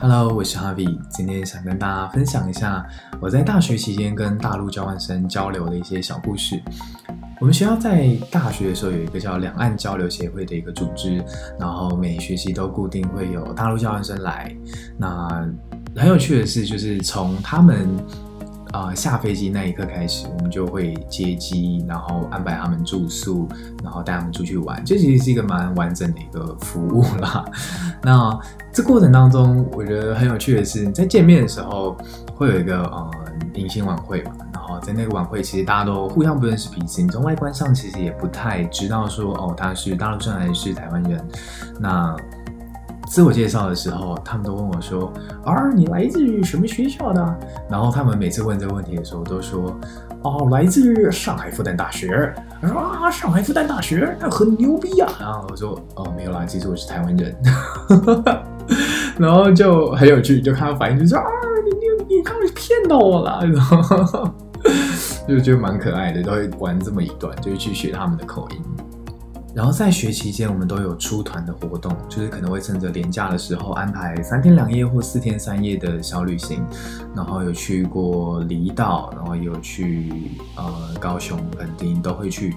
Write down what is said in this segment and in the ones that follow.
Hello，我是 Harvie，今天想跟大家分享一下我在大學期間跟大陸交換生交流的一些小故事。我們學校在大學的時候有一個叫兩岸交流協會的一個組織，然後每學期都固定會有大陸交換生來。那很有趣的是，就是從他們，啊、呃，下飛機那一刻開始，我們就會接機，然後安排他們住宿，然後帶他們出去玩。這其實是一個蠻完整的一個服務啦。 那這過程當中，我覺得很有趣的是，在見面的時候會有一個嗯迎新晚會嘛，然後在那個晚會，其實大家都互相不認識彼此，你從外觀上其實也不太知道說哦他是大陸人還是台灣人。那自我介紹的時候，他們都問我說：“啊，你來自於什麼學校的？”然後他們每次問這個問題的時候，都說：“哦、啊，來自於上海復旦大學。”我說：“啊，上海復旦大學，那很牛逼啊！”然後我說：“哦，沒有啦，其實我是台灣人。 ”然後就很有趣，就看他反應，就說：“啊，你你你，他們騙到我了。”然後就覺得蠻可愛的，都會玩這麼一段，就是去學他們的口音。然後在學期間，我們都有出團的活動，就是可能會趁着連假的時候安排三天兩夜或四天三夜的小旅行，然後有去過離島，然後有去呃高雄、墾丁，都會去。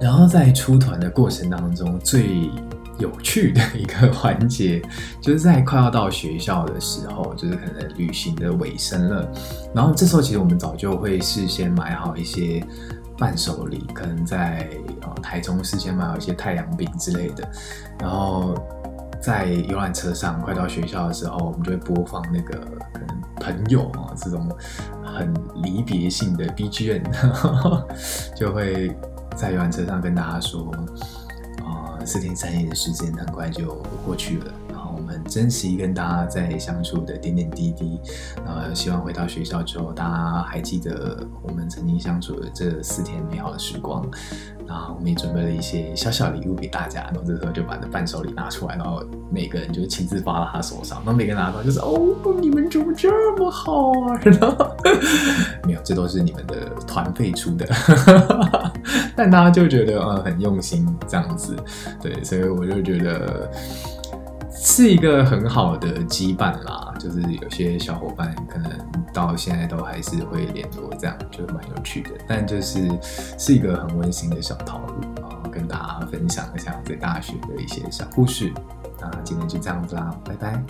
然後在出團的過程當中，最有趣的一個環節，就是在快要到學校的時候，就是可能旅行的尾聲了。然後這時候，其實我們早就會事先買好一些伴手禮，可能在台中事先買好一些太陽餅之類的。然後在遊覽車上，快到學校的時候，我們就會播放那個可能朋友啊這種很離別性的 BGM，就會在遊覽車上跟大家說。四天三夜的時間很快就過去了，然後我們珍惜跟大家在相處的點點滴滴，然後希望回到學校之後，大家還記得我們曾經相處的這四天美好的時光。然後我們也準備了一些小小禮物給大家，然後這時候就把這伴手禮拿出來，然後每個人就親自發到他手上。然後每個人拿到就是哦，oh, 你們怎麼這麼好玩呢？沒有，這都是你們的團費出的。 但大家就覺得，呃，很用心這樣子，對，所以我就覺得是一個很好的羈絆啦。就是有些小夥伴可能到現在都還是會聯絡，這樣就蠻有趣的。但就是是一個很溫馨的小套路啊，然後跟大家分享一下在大學的一些小故事。那今天就這樣子啦，拜拜。